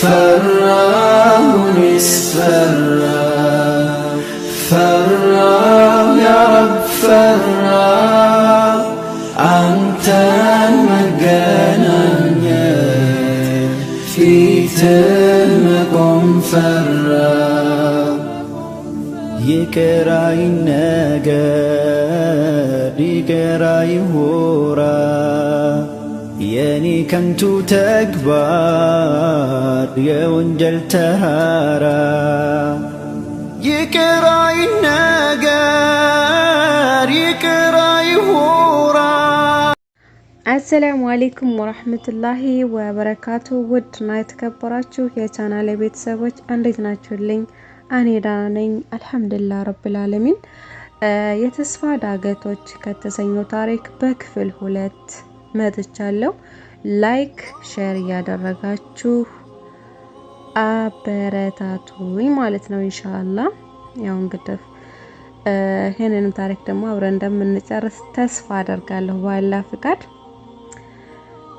فراه نسفر فراه يا رب فراه أنت مجانا في تمكم فراه يكراي نجا يكراي هورا የከንቱ ተግባር የወንጀል ተራራ ይቅራይ ነገር ይቅራይ ሁራ። አሰላሙ አሌይኩም ወራህመቱላሂ ወበረካቱ። ውድና የተከበራችሁ የቻናሌ ቤተሰቦች እንዴት ናችሁልኝ? እኔ ደህና ነኝ አልሐምዱሊላህ ረብል ዓለሚን። የተስፋ ዳገቶች ከተሰኘው ታሪክ በክፍል ሁለት መጥቻለሁ። ላይክ ሼር እያደረጋችሁ አበረታቱኝ ማለት ነው። ኢንሻአላ ያው እንግዲህ ይህንንም ታሪክ ደግሞ አብረን እንደምንጨርስ ተስፋ አደርጋለሁ። ባላ ፍቃድ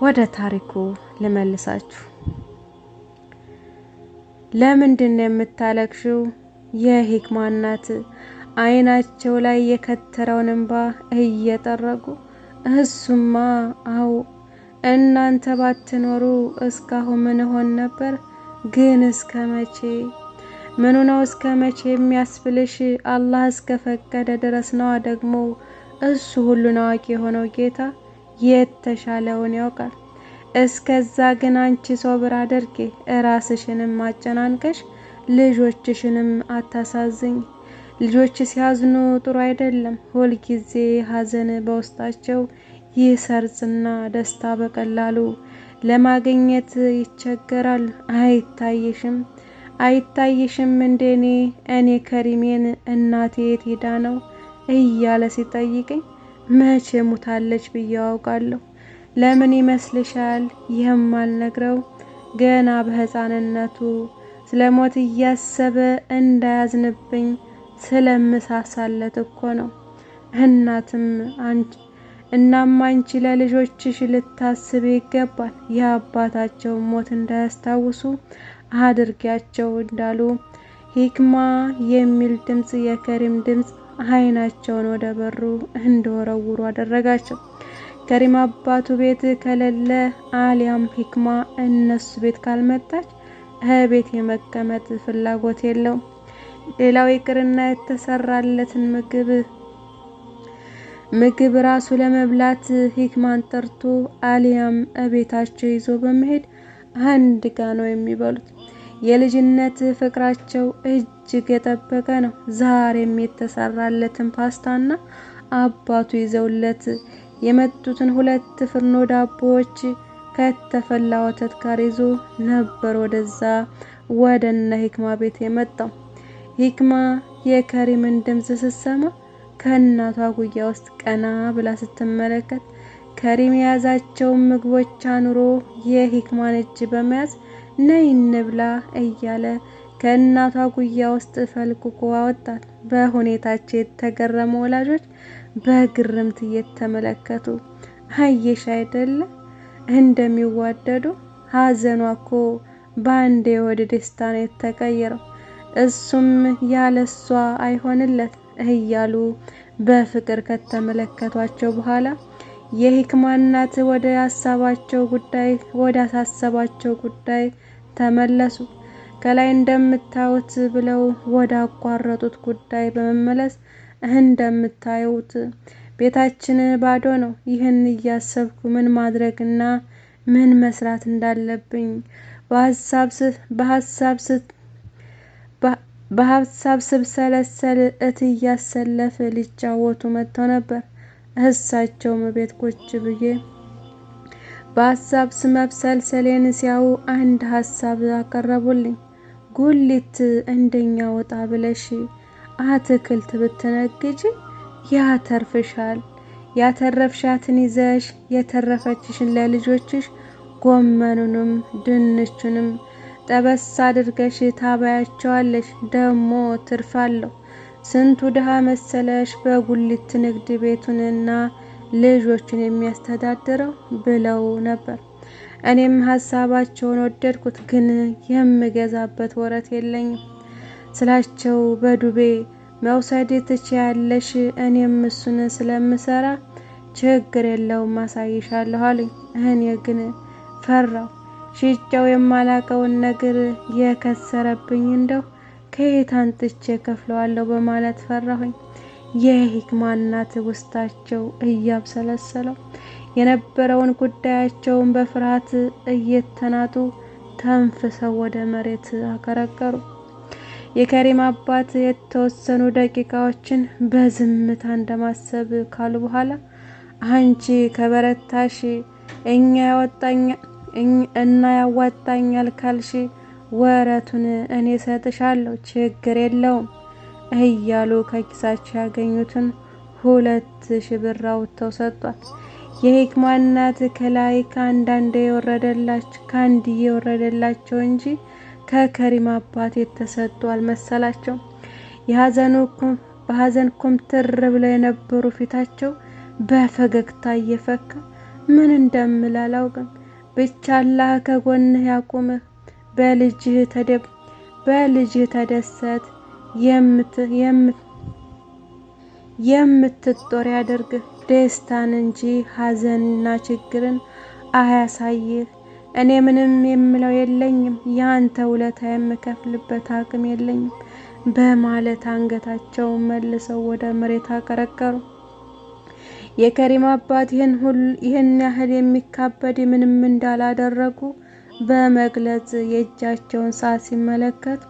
ወደ ታሪኩ ልመልሳችሁ። ለምንድን ነው የምታለቅሽው? የሂክማ እናት አይናቸው ላይ የከተረውን እንባ እየጠረጉ እሱማ አው እናንተ ባትኖሩ እስካሁን ምን ሆን ነበር? ግን እስከ መቼ ምኑ ነው እስከ መቼ የሚያስብልሽ? አላህ እስከ ፈቀደ ድረስ ነዋ። ደግሞ እሱ ሁሉን አዋቂ የሆነው ጌታ የተሻለውን ያውቃል። እስከዛ ግን አንቺ ሶብር አድርጌ እራስሽንም አጨናንቀሽ ልጆችሽንም አታሳዝኝ። ልጆች ሲያዝኑ ጥሩ አይደለም። ሁልጊዜ ሀዘን በውስጣቸው ይህ ሰርጽና ደስታ በቀላሉ ለማግኘት ይቸገራል። አይታይሽም አይታይሽም እንደኔ እኔ ከሪሜን እናቴ የት ሄዳ ነው እያለ ሲጠይቀኝ መቼ ሙታለች ብዬ አውቃለሁ። ለምን ይመስልሻል? የማልነግረው ገና በሕፃንነቱ ስለ ሞት እያሰበ እንዳያዝንብኝ ስለምሳሳለት እኮ ነው። እናትም አንቺ እናም አንቺ ለልጆችሽ ልታስብ ይገባል የአባታቸው ሞት እንዳያስታውሱ አድርጊያቸው እንዳሉ ሂክማ የሚል ድምፅ የከሪም ድምፅ አይናቸውን ወደ በሩ እንደወረውሩ አደረጋቸው። ከሪም አባቱ ቤት ከሌለ አሊያም ሂክማ እነሱ ቤት ካልመጣች ቤት የመቀመጥ ፍላጎት የለውም። ሌላው ይቅርና የተሰራለትን ምግብ ምግብ ራሱ ለመብላት ሂክማን ጠርቶ አሊያም እቤታቸው ይዞ በመሄድ አንድ ጋ ነው የሚበሉት። የልጅነት ፍቅራቸው እጅግ የጠበቀ ነው። ዛሬም የተሰራለትን ፓስታና አባቱ ይዘውለት የመጡትን ሁለት ፍርኖ ዳቦዎች ከተፈላ ወተት ጋር ይዞ ነበር ወደዛ ወደነ ሂክማ ቤት የመጣው። ሂክማ የከሪምን ድምፅ ስትሰማ ከእናቷ ጉያ ውስጥ ቀና ብላ ስትመለከት ከሪም የያዛቸውን ምግቦች አኑሮ የሂክማን እጅ በመያዝ ነይ እንብላ እያለ ከእናቷ ጉያ ውስጥ ፈልቅቆ አወጣት። በሁኔታቸው የተገረሙ ወላጆች በግርምት እየተመለከቱ አየሽ አይደለ እንደሚዋደዱ። ሀዘኗ እኮ በአንዴ ወደ ደስታ ነው የተቀየረው። እሱም ያለሷ አይሆንለት እያሉ በፍቅር ከተመለከቷቸው በኋላ የሂክማ እናት ወደ ያሳባቸው ጉዳይ ወደ አሳሰባቸው ጉዳይ ተመለሱ። ከላይ እንደምታዩት ብለው ወደ አቋረጡት ጉዳይ በመመለስ እንደምታዩት ቤታችን ባዶ ነው። ይህን እያሰብኩ ምን ማድረግና ምን መስራት እንዳለብኝ በሀሳብ በሀሳብ ስብሰለሰል እት እያሰለፈ ሊጫወቱ መጥተው ነበር። እሳቸውም ቤት ቁጭ ብዬ በሀሳብ መብሰልሰሌን ሲያዩ አንድ ሀሳብ አቀረቡልኝ። ጉሊት እንደኛ ወጣ ብለሽ አትክልት ብትነግጂ ያተርፍሻል። ያተረፍሻትን ይዘሽ የተረፈችሽን ለልጆችሽ ጎመኑንም ድንቹንም ጠበስ አድርገሽ ታባያቸዋለሽ፣ ትርፍ ትርፋለሁ። ስንቱ ድሃ መሰለሽ በጉሊት ንግድ ቤቱንና ልጆቹን የሚያስተዳድረው ብለው ነበር። እኔም ሀሳባቸውን ወደድኩት፣ ግን የምገዛበት ወረት የለኝም ስላቸው በዱቤ መውሰድ ትችያለሽ፣ እኔም እሱን ስለምሰራ ችግር የለውም አሳይሻለሁ አሉኝ። እኔ ግን ፈራው። ሽጫው የማላቀውን ነገር የከሰረብኝ እንደው ከየት አንጥቼ ከፍለዋለሁ በማለት ፈራሁኝ። የሂክማ እናት ውስጣቸው እያብሰለሰለው የነበረውን ጉዳያቸውን በፍርሃት እየተናጡ ተንፍሰው ወደ መሬት አከረከሩ። የከሪም አባት የተወሰኑ ደቂቃዎችን በዝምታ እንደማሰብ ካሉ በኋላ አንቺ ከበረታሽ እኛ ያወጣኛ እና ያዋጣኛል ካልሽ ወረቱን እኔ ሰጥሻለሁ፣ ችግር የለውም እያሉ ከኪሳቸው ያገኙትን ሁለት ሺህ ብር አውጥተው ሰጧት። የሂክማ እናት ከላይ ከአንዳንድ የወረደላቸው ከአንድ የወረደላቸው እንጂ ከከሪም አባት የተሰጡ አልመሰላቸው። በሀዘን ኩምትር ብለው የነበሩ ፊታቸው በፈገግታ እየፈካ ምን እንደምል አላውቅም ብቻ አላህ ከጎንህ ያቁምህ። በልጅህ ተደብ በልጅህ ተደሰት የምት የምትጦር ያደርግህ። ደስታን እንጂ ሀዘንና ችግርን አያሳይህ። እኔ ምንም የምለው የለኝም ያንተ ውለታ የምከፍልበት አቅም የለኝም በማለት አንገታቸውን መልሰው ወደ መሬት አቀረቀሩ። የከሪም አባት ይህን ያህል የሚካበድ ምንም እንዳላደረጉ በመግለጽ የእጃቸውን ሰዓት ሲመለከቱ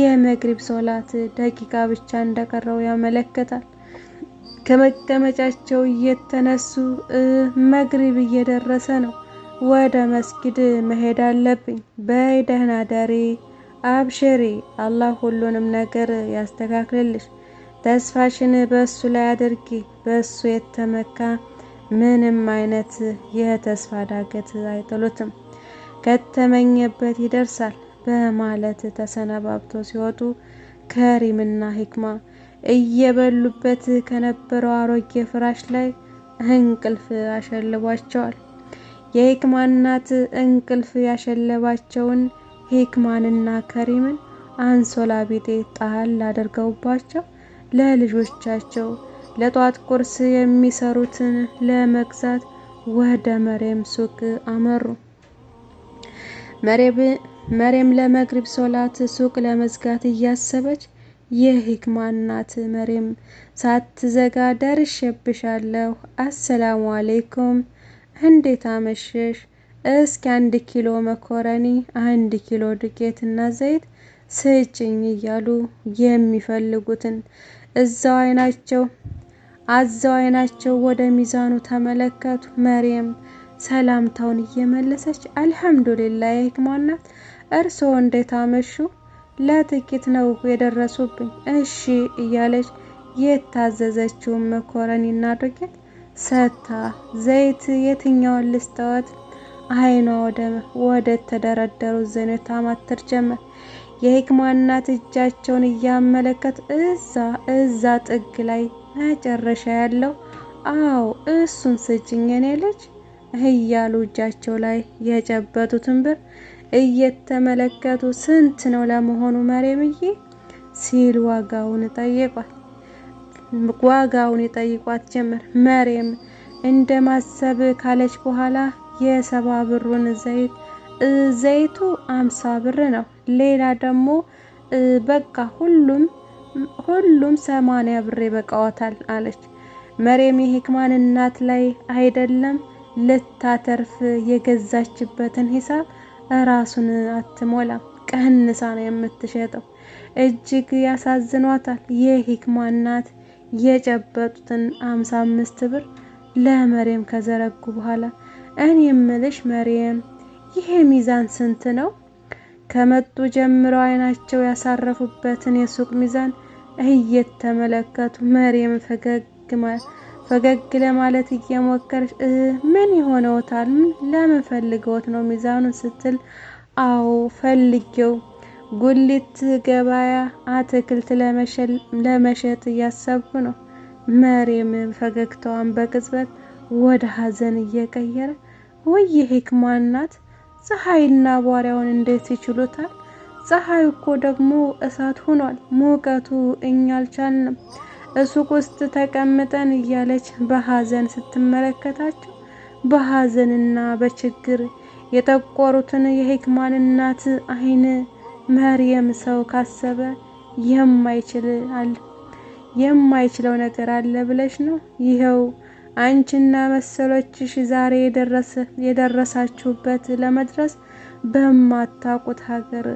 የመግሪብ ሶላት ደቂቃ ብቻ እንደቀረው ያመለክታል። ከመቀመጫቸው እየተነሱ መግሪብ እየደረሰ ነው፣ ወደ መስጊድ መሄድ አለብኝ። በይ ደህና ደሪ፣ አላህ ሁሉንም ነገር ያስተካክልልሽ ተስፋሽን በእሱ ላይ አድርጊ። በእሱ የተመካ ምንም አይነት ይህ ተስፋ ዳገት አይጥሉትም፣ ከተመኘበት ይደርሳል በማለት ተሰነባብቶ ሲወጡ ከሪምና ሂክማ እየበሉበት ከነበረው አሮጌ ፍራሽ ላይ እንቅልፍ ያሸልቧቸዋል። የሂክማ እናት እንቅልፍ ያሸለባቸውን ሂክማንና ከሪምን አንሶላ ቢጤ ጣል አድርገውባቸው ለልጆቻቸው ለጧት ቁርስ የሚሰሩትን ለመግዛት ወደ መሬም ሱቅ አመሩ። መሬም ለመግሪብ ሶላት ሱቅ ለመዝጋት እያሰበች የሂክማ እናት መሬም ሳትዘጋ ደርሼብሻለሁ፣ አሰላሙ አሌይኩም፣ እንዴት አመሸሽ? እስኪ አንድ ኪሎ መኮረኒ፣ አንድ ኪሎ ዱቄት እና ዘይት ስጭኝ እያሉ የሚፈልጉትን እዛው አይናቸው አዛው አይናቸው ወደ ሚዛኑ ተመለከቱ። መርየም ሰላምታውን እየመለሰች አልሐምዱሊላ የህክማናት እርስዎ እንዴት አመሹ? ለጥቂት ነው የደረሱብኝ። እሺ እያለች የታዘዘችውን መኮረኒና ዱቄት ሰታ ዘይት የትኛውን ልስጠዋት? አይኗ ወደ ተደረደሩ ዘይኖች ታማትር ጀመር። የሂክማ እናት እጃቸውን እያመለከት እዛ እዛ ጥግ ላይ መጨረሻ ያለው አዎ እሱን ስጭኝ የኔ ልጅ እያሉ እጃቸው ላይ የጨበጡትን ብር እየተመለከቱ ስንት ነው ለመሆኑ መሬምዬ ሲል ዋጋውን ጠይቋል። ዋጋውን የጠይቋት ጀመር። መሬም እንደ ማሰብ ካለች በኋላ የሰባ ብሩን ዘይት ዘይቱ አምሳ ብር ነው። ሌላ ደግሞ በቃ ሁሉም ሁሉም ሰማንያ ብር ይበቃዋታል አለች። መሬም የሂክማን እናት ላይ አይደለም ልታተርፍ የገዛችበትን ሂሳብ ራሱን አትሞላም፣ ቀንሳ ነው የምትሸጠው። እጅግ ያሳዝኗታል። የሂክማ እናት የጨበጡትን አምሳ አምስት ብር ለመሬም ከዘረጉ በኋላ እኔ የምልሽ መሬም ይሄ ሚዛን ስንት ነው? ከመጡ ጀምረው አይናቸው ያሳረፉበትን የሱቅ ሚዛን እየተመለከቱ መሬም ፈገግ ለማለት እየሞከረች ምን ይሆነውታል? ለምን ፈልገውት ነው ሚዛኑን ስትል አዎ ፈልጌው ጉሊት ገበያ አትክልት ለመሸጥ እያሰብኩ ነው። መሬም ፈገግታዋን በቅጽበት ወደ ሀዘን እየቀየረ ወይ ሄክማናት ናት ፀሐይና ባሪያውን እንዴት ይችሉታል? ፀሐይ እኮ ደግሞ እሳት ሆኗል። ሙቀቱ እኛ አልቻልንም። ሱቅ ውስጥ ተቀምጠን እያለች በሀዘን ስትመለከታቸው በሀዘንና በችግር የጠቆሩትን የሂክማን እናት አይን መርየም ሰው ካሰበ የማይችል አለ የማይችለው ነገር አለ ብለሽ ነው ይኸው አንቺና መሰሎችሽ ዛሬ የደረሳችሁበት ለመድረስ በማታቁት ሀገር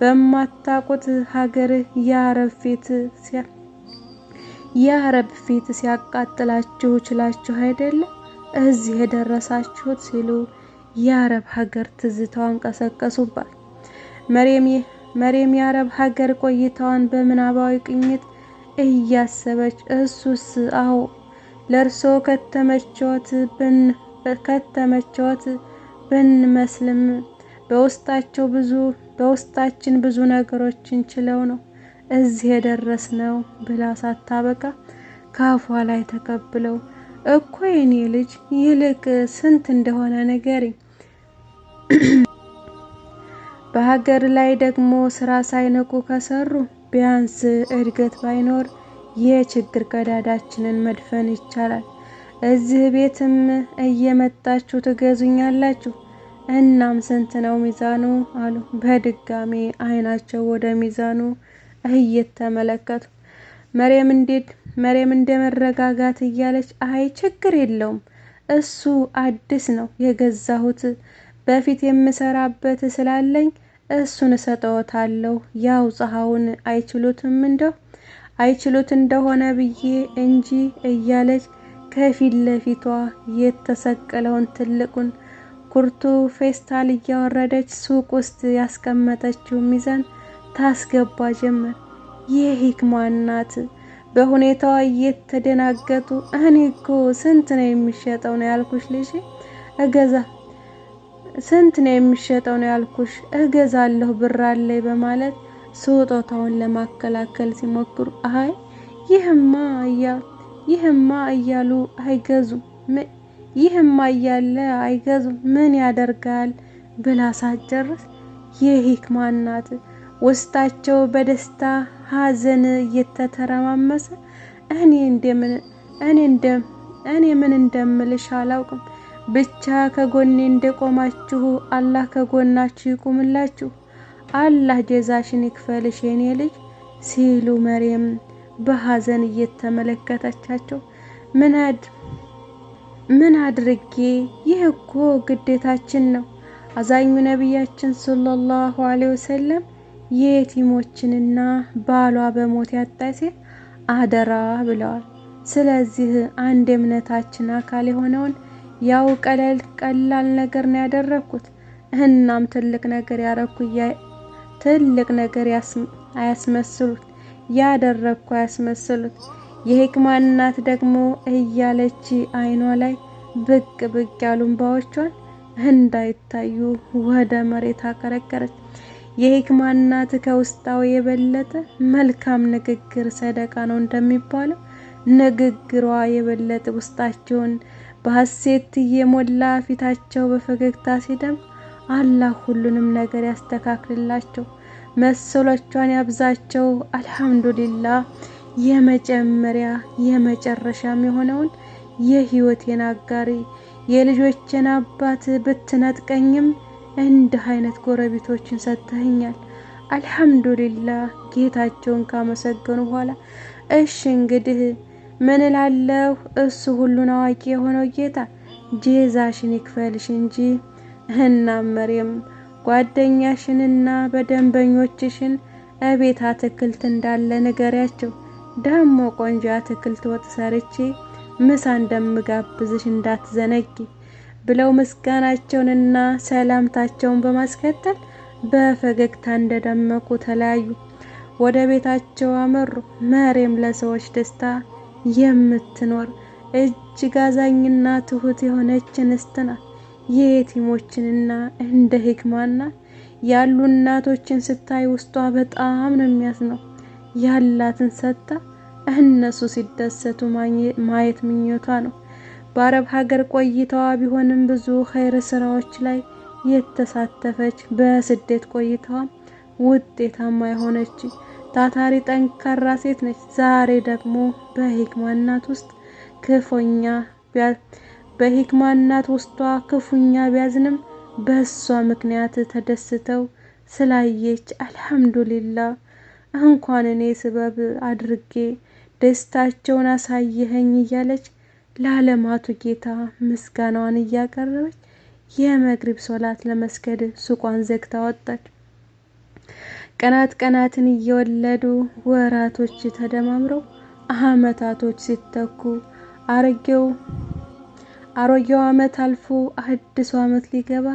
በማታቁት ሀገር የአረብ ፊት የአረብ ፊት ሲያቃጥላችሁ ችላችሁ አይደለም እዚህ የደረሳችሁት ሲሉ የአረብ ሀገር ትዝታዋን ቀሰቀሱባት። መሬም የአረብ ሀገር ቆይታዋን በምናባዊ ቅኝት እያሰበች እሱስ አዎ ለእርሶ ከተመቾት ብንመስልም በውስጣቸው ብዙ በውስጣችን ብዙ ነገሮችን ችለው ነው እዚህ የደረስነው ብላ ሳታበቃ ካፏ ላይ ተቀብለው እኮ የኔ ልጅ ይልቅ ስንት እንደሆነ ነገር በሀገር ላይ ደግሞ ስራ ሳይነቁ ከሰሩ ቢያንስ እድገት ባይኖር የችግር ቀዳዳችንን መድፈን ይቻላል። እዚህ ቤትም እየመጣችሁ ትገዙኛላችሁ፣ እናም ስንት ነው ሚዛኑ አሉ። በድጋሜ አይናቸው ወደ ሚዛኑ እየተመለከቱ መሬም እንዴት መሬም እንደ መረጋጋት እያለች አይ ችግር የለውም እሱ አዲስ ነው የገዛሁት በፊት የምሰራበት ስላለኝ እሱን እሰጠዎታለሁ። ያው ፀሐውን አይችሉትም እንደው አይችሉት እንደሆነ ብዬ እንጂ እያለች ከፊት ለፊቷ የተሰቀለውን ትልቁን ኩርቱ ፌስታል እያወረደች ሱቅ ውስጥ ያስቀመጠችው ሚዛን ታስገባ ጀመር። ይህ ሂክማ ናት። በሁኔታዋ እየተደናገጡ እኔ እኮ ስንት ነው የሚሸጠው ነው ያልኩሽ ልጅ እገዛ ስንት ነው የሚሸጠው ነው ያልኩሽ እገዛለሁ ብር አለኝ በማለት ስጦታውን ለማከላከል ሲሞክሩ አይ ይህማ እያ ይህማ እያሉ አይገዙም ይህማ እያለ አይገዙም ምን ያደርጋል ብላ ሳትጨርስ የሂክማ እናት ውስጣቸው በደስታ ሀዘን እየተተረማመሰ እኔ እንደምን እኔ እንደ እኔ ምን እንደምልሽ አላውቅም ብቻ ከጎኔ እንደቆማችሁ አላህ ከጎናችሁ ይቁምላችሁ አላህ ጀዛሽን ይክፈልሽ የኔ ልጅ ሲሉ መርየም በሀዘን እየተመለከተቻቸው ምናድ ምን አድርጌ ይህ እኮ ግዴታችን ነው። አዛኙ ነቢያችን ሰለላሁ ዐለይሂ ወሰለም የቲሞችንና ባሏ በሞት ያጣ ሴት አደራ ብለዋል። ስለዚህ አንድ የእምነታችን አካል የሆነውን ያው ቀለል ቀላል ነገር ነው ያደረግኩት። እናም ትልቅ ነገር ያረኩ ትልቅ ነገር አያስመስሉት፣ ያደረግኩ አያስመስሉት። የሂክማ እናት ደግሞ እያለች አይኗ ላይ ብቅ ብቅ ያሉ እንባዎቿን እንዳይታዩ ወደ መሬት አቀረቀረች። የሂክማ እናት ከውስጣዊ የበለጠ መልካም ንግግር ሰደቃ ነው እንደሚባለው ንግግሯ የበለጠ ውስጣቸውን በሀሴት የሞላ ፊታቸው በፈገግታ ሲደምቅ አላህ ሁሉንም ነገር ያስተካክልላቸው፣ መሰሎቿን ያብዛቸው። አልሐምዱሊላ የመጀመሪያ የመጨረሻም የሆነውን የህይወቴን አጋሪ የልጆችን አባት ብትነጥቀኝም እንዲህ አይነት ጎረቤቶችን ሰጥተኸኛል። አልሐምዱሊላ ጌታቸውን ካመሰገኑ በኋላ እሺ እንግዲህ ምን እላለሁ? እሱ ሁሉን አዋቂ የሆነው ጌታ ጄዛሽን ይክፈልሽ እንጂ እና መሬም ጓደኛሽንና በደንበኞችሽን እቤት አትክልት እንዳለ ንገሪያቸው። ደግሞ ቆንጆ አትክልት ወጥ ሰርቼ ምሳ እንደምጋብዝሽ እንዳትዘነጊ ብለው ምስጋናቸውንና ሰላምታቸውን በማስከተል በፈገግታ እንደደመቁ ተለያዩ። ወደ ቤታቸው አመሩ። መሬም ለሰዎች ደስታ የምትኖር እጅግ አዛኝና ትሁት የሆነች እንስት ናት። የየቲሞችንና እንደ ህክማና ያሉ እናቶችን ስታይ ውስጧ በጣም ነው ነው ያላትን ሰጥታ እነሱ ሲደሰቱ ማየት ምኞቷ ነው። በአረብ ሀገር ቆይታዋ ቢሆንም ብዙ ኸይር ስራዎች ላይ የተሳተፈች፣ በስደት ቆይታዋም ውጤታማ የሆነች ታታሪ ጠንካራ ሴት ነች። ዛሬ ደግሞ በህክማናት ውስጥ ክፉኛ በሂክማ እናት ውስጧ ክፉኛ ቢያዝንም በእሷ ምክንያት ተደስተው ስላየች አልሐምዱሊላ እንኳን እኔ ስበብ አድርጌ ደስታቸውን አሳየኸኝ እያለች ለዓለማቱ ጌታ ምስጋናዋን እያቀረበች የመግሪብ ሶላት ለመስገድ ሱቋን ዘግታ ወጣች። ቀናት ቀናትን እየወለዱ ወራቶች ተደማምረው አመታቶች ሲተኩ አርጌው አሮጌው ዓመት አልፎ አዲሱ ዓመት ሊገባ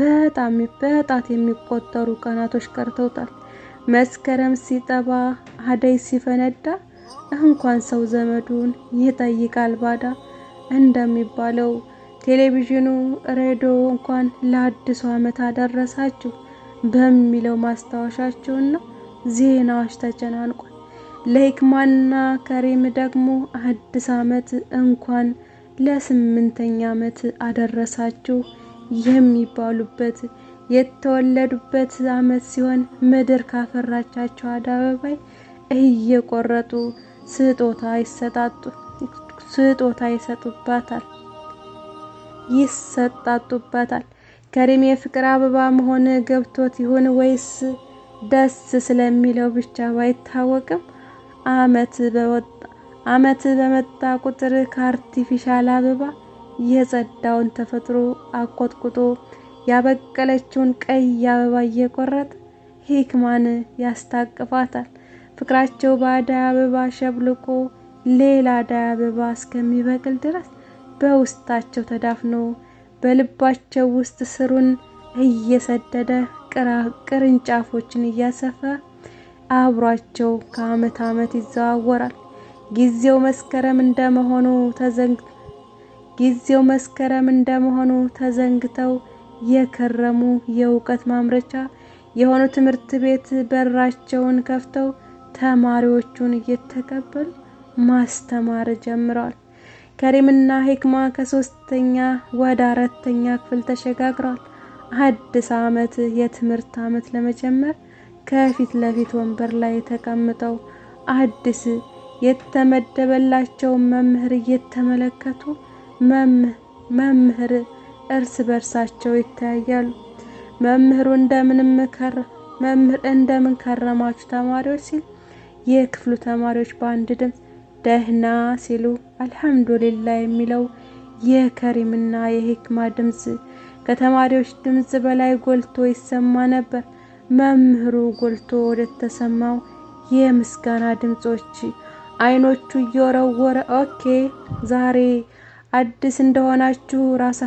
በጣም በጣት የሚቆጠሩ ቀናቶች ቀርተውታል። መስከረም ሲጠባ አደይ ሲፈነዳ እንኳን ሰው ዘመዱን ይጠይቃል ባዳ እንደሚባለው ቴሌቪዥኑ ሬዲዮ እንኳን ለአዲሱ ዓመት አደረሳችሁ በሚለው ማስታወሻቸውና ዜናዎች ተጨናንቋል። ለሂክማና ከሪም ደግሞ አዲስ ዓመት እንኳን ለስምንተኛ ዓመት አደረሳችሁ የሚባሉበት የተወለዱበት ዓመት ሲሆን ምድር ካፈራቻቸው አደባባይ እየቆረጡ ስጦታ ይሰጣጡ ስጦታ ይሰጡባታል ይሰጣጡባታል። ከሪም የፍቅር አበባ መሆን ገብቶት ይሆን ወይስ ደስ ስለሚለው ብቻ ባይታወቅም አመት አመት በመጣ ቁጥር ከአርቲፊሻል አበባ የጸዳውን ተፈጥሮ አቆጥቁጦ ያበቀለችውን ቀይ አበባ እየቆረጠ ሂክማን ያስታቅፋታል። ፍቅራቸው በአዳይ አበባ ሸብልቆ ሌላ አዳይ አበባ እስከሚበቅል ድረስ በውስጣቸው ተዳፍኖ በልባቸው ውስጥ ስሩን እየሰደደ ቅርንጫፎችን እያሰፋ አብሯቸው ከአመት አመት ይዘዋወራል። ጊዜው መስከረም እንደመሆኑ ተዘንግ ጊዜው መስከረም እንደመሆኑ ተዘንግተው የከረሙ የእውቀት ማምረቻ የሆኑ ትምህርት ቤት በራቸውን ከፍተው ተማሪዎቹን እየተቀበሉ ማስተማር ጀምረዋል። ከሪምና ሂክማ ከሶስተኛ ወደ አራተኛ ክፍል ተሸጋግረዋል። አዲስ ዓመት የትምህርት ዓመት ለመጀመር ከፊት ለፊት ወንበር ላይ ተቀምጠው አዲስ የተመደበላቸውን መምህር እየተመለከቱ መምህር እርስ በርሳቸው ይተያያሉ። መምህሩ መምህር እንደምን ከረማችሁ ተማሪዎች ሲል የክፍሉ ተማሪዎች በአንድ ድምፅ ደህና ሲሉ አልሐምዱሊላ የሚለው የከሪምና የሂክማ ድምፅ ከተማሪዎች ድምፅ በላይ ጎልቶ ይሰማ ነበር። መምህሩ ጎልቶ ወደተሰማው የምስጋና ድምፆች አይኖቹ እየወረወረ ኦኬ፣ ዛሬ አዲስ እንደሆናችሁ ራሳ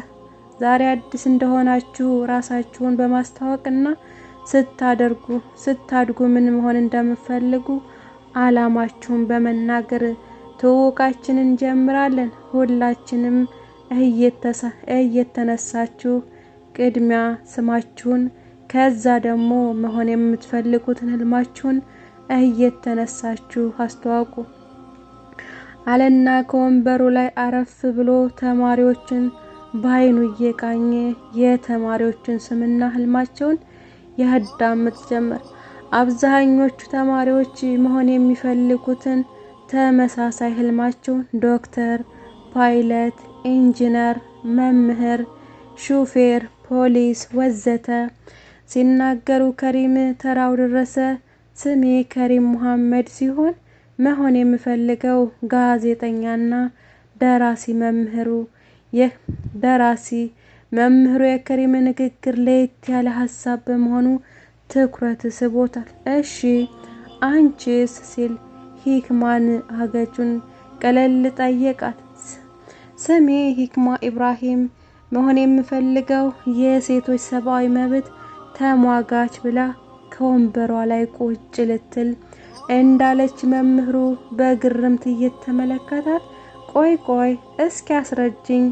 ዛሬ አዲስ እንደሆናችሁ ራሳችሁን በማስተዋወቅና ስታደርጉ ስታድጉ ምን መሆን እንደምፈልጉ አላማችሁን በመናገር ትውውቃችንን እንጀምራለን። ሁላችንም እየተነሳችሁ ቅድሚያ ስማችሁን ከዛ ደግሞ መሆን የምትፈልጉትን ህልማችሁን እየተነሳችሁ አስተዋውቁ። አለና ከወንበሩ ላይ አረፍ ብሎ ተማሪዎችን በአይኑ እየቃኘ የተማሪዎችን ስምና ህልማቸውን ያዳምጥ ጀመር። አብዛኞቹ ተማሪዎች መሆን የሚፈልጉትን ተመሳሳይ ህልማቸውን ዶክተር፣ ፓይለት፣ ኢንጂነር፣ መምህር፣ ሹፌር፣ ፖሊስ ወዘተ ሲናገሩ ከሪም ተራው ደረሰ። ስሜ ከሪም ሙሐመድ ሲሆን መሆን የምፈልገው ጋዜጠኛና ደራሲ መምህሩ ይህ ደራሲ መምህሩ የከሪም ንግግር ለየት ያለ ሀሳብ በመሆኑ ትኩረት ስቦታል። እሺ አንቺስ? ሲል ሂክማን አገጁን ቀለል ጠየቃት። ስሜ ሂክማ ኢብራሂም መሆን የምፈልገው የሴቶች ሰብአዊ መብት ተሟጋች ብላ ከወንበሯ ላይ ቁጭ ልትል እንዳለች መምህሩ በግርምት እየተመለከታት ቆይ ቆይ እስኪ አስረጅኝ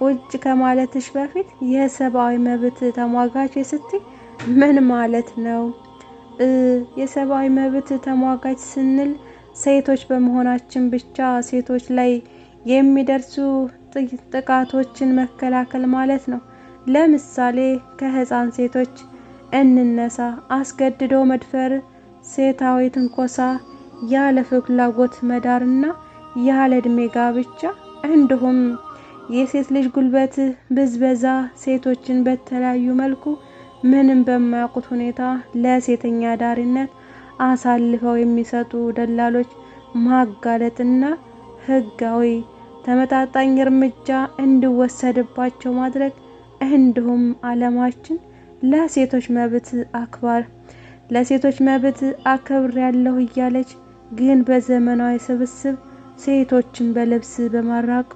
ቁጭ ከማለትሽ በፊት የሰብአዊ መብት ተሟጋች ስትይ ምን ማለት ነው? የሰብአዊ መብት ተሟጋች ስንል ሴቶች በመሆናችን ብቻ ሴቶች ላይ የሚደርሱ ጥቃቶችን መከላከል ማለት ነው። ለምሳሌ ከህፃን ሴቶች እንነሳ፣ አስገድዶ መድፈር ሴታዊ ትንኮሳ፣ ያለ ፍላጎት መዳርና ያለ ዕድሜ ጋብቻ እንዲሁም የሴት ልጅ ጉልበት ብዝበዛ ሴቶችን በተለያዩ መልኩ ምንም በማያውቁት ሁኔታ ለሴተኛ ዳሪነት አሳልፈው የሚሰጡ ደላሎች ማጋለጥና ሕጋዊ ተመጣጣኝ እርምጃ እንዲወሰድባቸው ማድረግ እንዲሁም ዓለማችን ለሴቶች መብት አክባር ለሴቶች መብት ያለሁ እያለች ግን በዘመናዊ ስብስብ ሴቶችን በልብስ በማራቅ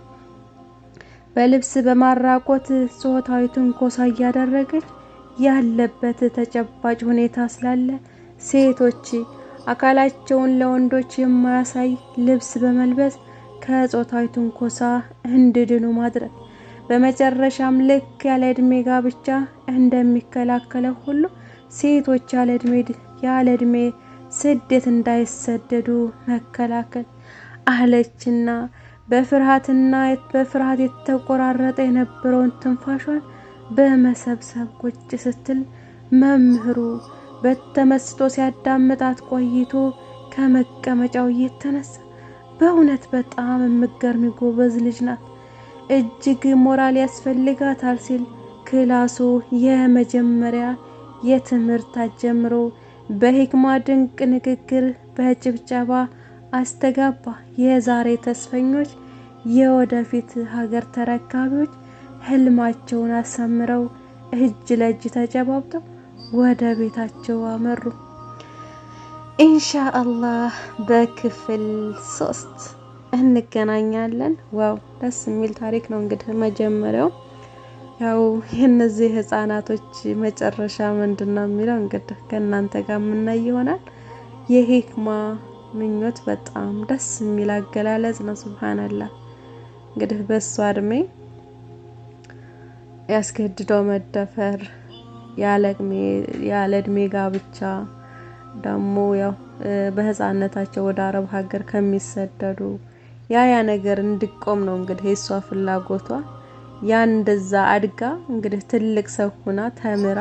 በልብስ በማራቆት ጾታዊ ትንኮሳ እያደረገች ያለበት ተጨባጭ ሁኔታ ስላለ ሴቶች አካላቸውን ለወንዶች የማያሳይ ልብስ በመልበስ ከጾታዊ ትንኮሳ እንዲድኑ ማድረግ በመጨረሻም ልክ ያለ እድሜ ጋብቻ እንደሚከላከለው ሁሉ ሴቶች ያለ እድሜ ስደት እንዳይሰደዱ መከላከል አለችና በፍርሃትና በፍርሃት የተቆራረጠ የነበረውን ትንፋሿን በመሰብሰብ ቁጭ ስትል መምህሩ በተመስጦ ሲያዳምጣት ቆይቶ ከመቀመጫው እየተነሳ በእውነት በጣም የምትገርም ጎበዝ ልጅ ናት፣ እጅግ ሞራል ያስፈልጋታል ሲል ክላሱ የመጀመሪያ የትምህርት አጀምሮ በሂክማ ድንቅ ንግግር በጭብጨባ አስተጋባ። የዛሬ ተስፈኞች፣ የወደፊት ሀገር ተረካቢዎች ህልማቸውን አሳምረው እጅ ለእጅ ተጨባብጠው ወደ ቤታቸው አመሩ። ኢንሻአላህ በክፍል ሶስት እንገናኛለን። ዋው ደስ የሚል ታሪክ ነው። እንግዲህ መጀመሪያው ያው የነዚህ ህጻናቶች መጨረሻ ምንድን ነው የሚለው እንግዲህ ከእናንተ ጋር የምናይ ይሆናል። የሂክማ ምኞት በጣም ደስ የሚል አገላለጽ ነው። ሱብሃንአላህ እንግዲህ በእሷ እድሜ ያስገድዶ መደፈር ያለ እድሜ ጋብቻ ደግሞ ያው በህፃነታቸው ወደ አረብ ሀገር ከሚሰደዱ ያ ያ ነገር እንዲቆም ነው እንግዲህ የእሷ ፍላጎቷ። ያን እንደዛ አድጋ እንግዲህ ትልቅ ሰው ሆና ተምራ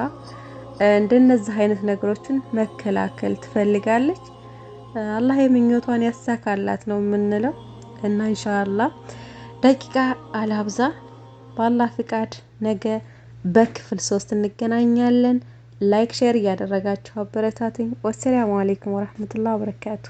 እንደነዚህ አይነት ነገሮችን መከላከል ትፈልጋለች። አላህ የምኞቷን ያሳካላት ነው የምንለው እና ኢንሻአላህ ደቂቃ አላብዛ። በአላህ ፍቃድ ነገ በክፍል ሶስት እንገናኛለን። ላይክ ሼር እያደረጋችሁ አበረታትኝ። ወሰላሙ አለይኩም ወራህመቱላሂ ወበረካቱ